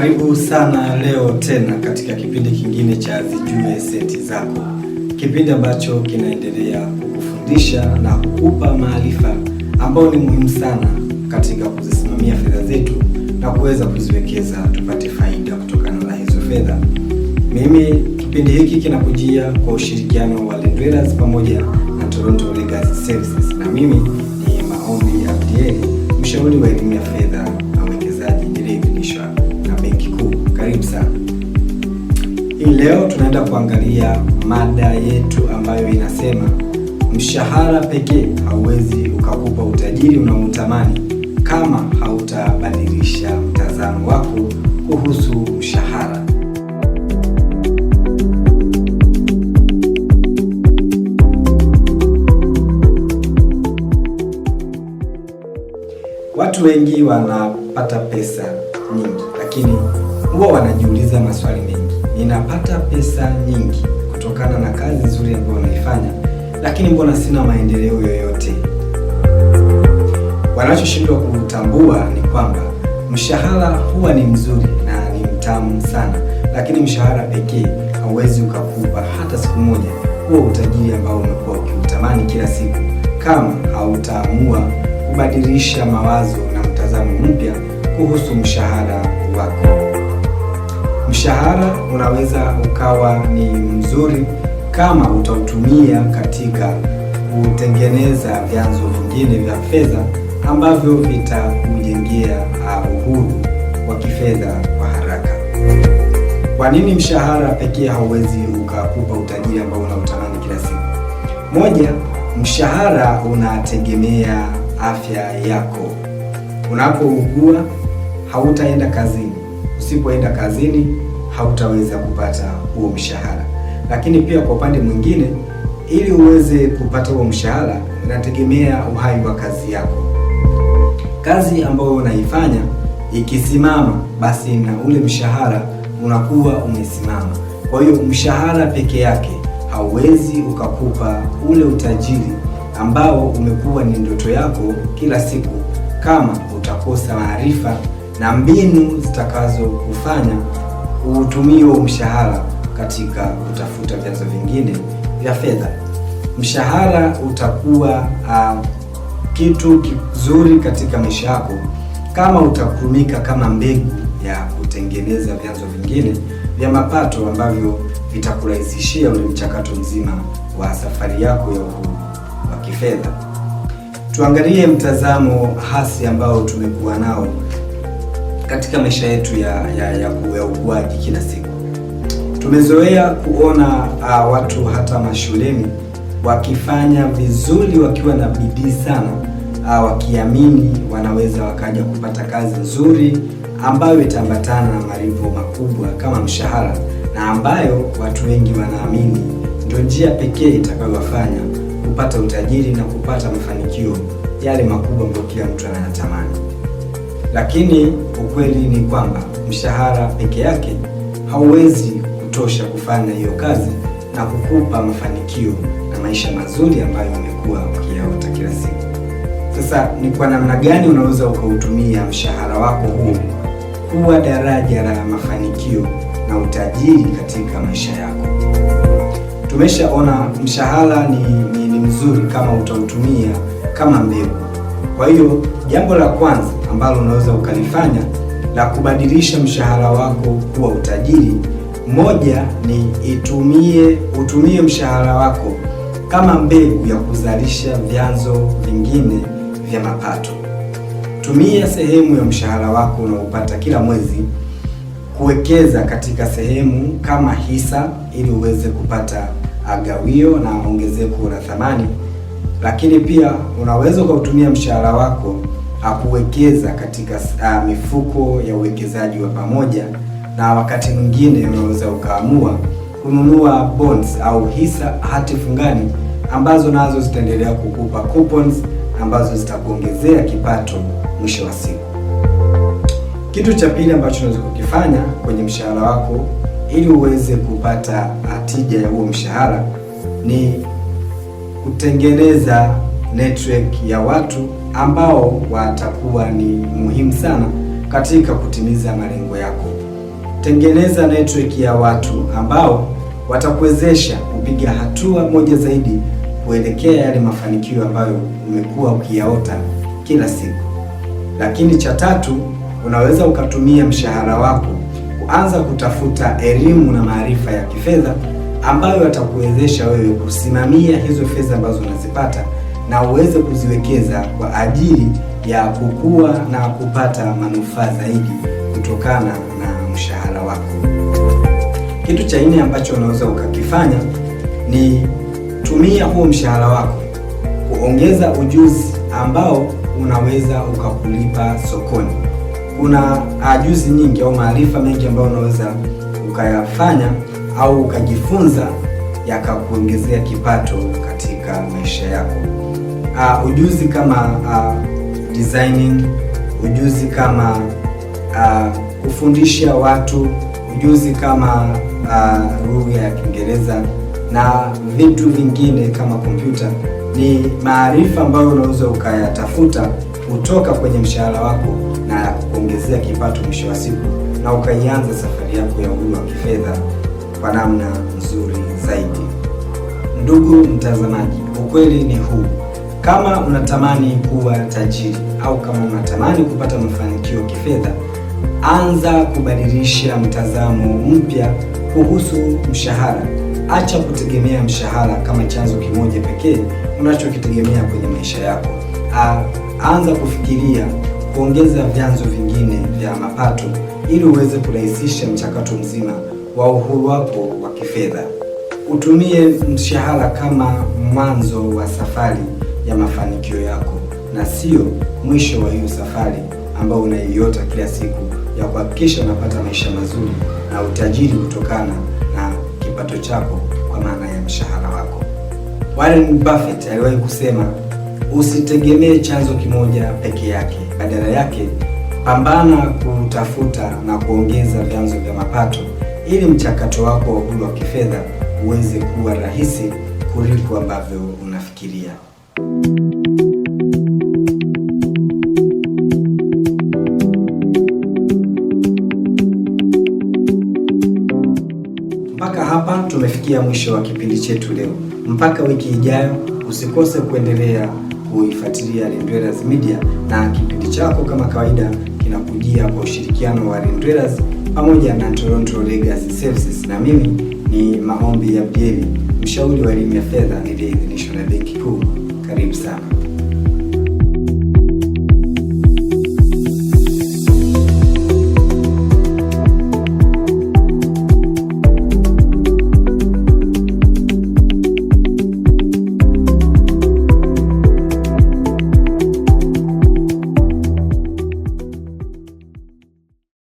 Karibu sana leo tena katika kipindi kingine cha Zijue Seti Zako, kipindi ambacho kinaendelea kukufundisha na kukupa maarifa ambayo ni muhimu sana katika kuzisimamia fedha zetu na kuweza kuziwekeza tupate faida kutokana na hizo fedha. Mimi kipindi hiki kinakujia kwa ushirikiano wa Lendleaders pamoja na Toronto Legacy Services, na mimi ni Maombi Abdiel, mshauri wa elimu ya fedha Hii leo tunaenda kuangalia mada yetu ambayo inasema mshahara pekee hauwezi ukakupa utajiri unaotamani kama hautabadilisha mtazamo wako kuhusu mshahara. Watu wengi wanapata pesa nyingi, lakini huwa wanajiuliza maswali mengi ninapata pesa nyingi kutokana na kazi nzuri ambayo naifanya, lakini mbona sina maendeleo yoyote? Wanachoshindwa kutambua ni kwamba mshahara huwa ni mzuri na ni mtamu sana, lakini mshahara pekee hauwezi ukakupa hata siku moja huo utajiri ambao umekuwa ukiutamani kila siku, kama hautaamua kubadilisha mawazo na mtazamo mpya kuhusu mshahara wako mshahara unaweza ukawa ni mzuri kama utautumia katika kutengeneza vyanzo vingine vya fedha ambavyo vitakujengea ah, uhuru wa kifedha kwa haraka. Kwa nini mshahara pekee hauwezi ukakupa utajiri ambao unautamani kila siku? Moja, mshahara unategemea afya yako. Unapougua hautaenda kazini. Usipoenda kazini hautaweza kupata huo mshahara. Lakini pia kwa upande mwingine, ili uweze kupata huo mshahara inategemea uhai wa kazi yako. Kazi ambayo unaifanya ikisimama, basi na ule mshahara unakuwa umesimama. Kwa hiyo mshahara peke yake hauwezi ukakupa ule utajiri ambao umekuwa ni ndoto yako kila siku, kama utakosa maarifa na mbinu zitakazokufanya uutumie mshahara katika kutafuta vyanzo vingine vya fedha. Mshahara utakuwa uh, kitu kizuri katika maisha yako kama utatumika kama mbegu ya kutengeneza vyanzo vingine vya mapato ambavyo vitakurahisishia ule mchakato mzima wa safari yako ya uhuru wa kifedha. Tuangalie mtazamo hasi ambao tumekuwa nao katika maisha yetu ya, ya, ya, ya ukuaji kila siku. Tumezoea kuona uh, watu hata mashuleni wakifanya vizuri wakiwa na bidii sana uh, wakiamini wanaweza wakaja kupata kazi nzuri ambayo itaambatana na malipo makubwa kama mshahara na ambayo watu wengi wanaamini ndio njia pekee itakayowafanya kupata utajiri na kupata mafanikio yale makubwa ambayo kila mtu anayatamani. Lakini ukweli ni kwamba mshahara peke yake hauwezi kutosha kufanya hiyo kazi na kukupa mafanikio na maisha mazuri ambayo umekuwa ukiyaota kila siku. Sasa ni kwa namna gani unaweza ukautumia mshahara wako huu kuwa daraja la mafanikio na utajiri katika maisha yako? Tumeshaona mshahara ni, ni, ni mzuri kama utautumia kama mbegu kwa hiyo jambo la kwanza ambalo unaweza ukalifanya la kubadilisha mshahara wako kuwa utajiri, moja ni itumie, utumie mshahara wako kama mbegu ya kuzalisha vyanzo vingine vya mapato. Tumia sehemu ya mshahara wako unaopata kila mwezi kuwekeza katika sehemu kama hisa ili uweze kupata agawio na ongezeko la thamani lakini pia unaweza ukautumia mshahara wako akuwekeza katika uh, mifuko ya uwekezaji wa pamoja, na wakati mwingine unaweza ukaamua kununua bonds au hisa hati fungani ambazo nazo zitaendelea kukupa coupons ambazo zitakuongezea kipato mwisho wa siku. Kitu cha pili ambacho unaweza kukifanya kwenye mshahara wako ili uweze kupata ah, tija ya huo mshahara ni kutengeneza network ya watu ambao watakuwa ni muhimu sana katika kutimiza malengo yako. Tengeneza network ya watu ambao watakuwezesha kupiga hatua moja zaidi kuelekea yale mafanikio ambayo umekuwa ukiyaota kila siku. Lakini cha tatu, unaweza ukatumia mshahara wako kuanza kutafuta elimu na maarifa ya kifedha ambayo yatakuwezesha wewe kusimamia hizo fedha ambazo unazipata na uweze kuziwekeza kwa ajili ya kukua na kupata manufaa zaidi kutokana na mshahara wako. Kitu cha nne ambacho unaweza ukakifanya ni tumia huo mshahara wako kuongeza ujuzi ambao unaweza ukakulipa sokoni. Kuna ajuzi nyingi au maarifa mengi ambayo unaweza ukayafanya au ukajifunza yakakuongezea kipato katika maisha yako. Uh, ujuzi kama uh, designing, ujuzi kama ah, kufundisha watu, ujuzi kama uh, lugha ya Kiingereza na vitu vingine kama kompyuta ni maarifa ambayo unaweza ukayatafuta kutoka kwenye mshahara wako na kukuongezea kipato mwisho wa siku na ukaianza safari yako ya uhuru wa kifedha kwa namna nzuri zaidi. Ndugu mtazamaji, ukweli ni huu. Kama unatamani kuwa tajiri au kama unatamani kupata mafanikio kifedha, anza kubadilisha mtazamo mpya kuhusu mshahara. Acha kutegemea mshahara kama chanzo kimoja pekee unachokitegemea kwenye maisha yako. A, anza kufikiria kuongeza vyanzo vingine vya mapato ili uweze kurahisisha mchakato mzima wa uhuru wako wa kifedha. Utumie mshahara kama mwanzo wa safari ya mafanikio yako na sio mwisho wa hiyo safari ambayo unaiota kila siku ya kuhakikisha unapata maisha mazuri na utajiri kutokana na kipato chako kwa maana ya mshahara wako. Warren Buffett aliwahi kusema, usitegemee chanzo kimoja peke yake, badala yake pambana kutafuta na kuongeza vyanzo vya mapato ili mchakato wako wa uhuru wa kifedha uweze kuwa rahisi kuliko ambavyo unafikiria. Mpaka hapa tumefikia mwisho wa kipindi chetu leo. Mpaka wiki ijayo, usikose kuendelea kuifuatilia Lenduelaz Media na kipindi chako kama kawaida inayokujia kwa ushirikiano wa Land Dwellers pamoja na Toronto Legacy Services, na mimi ni Maombi ya Abdieli, mshauri wa elimu ya fedha niliyeidhinishwa na Benki Kuu. Karibu sana.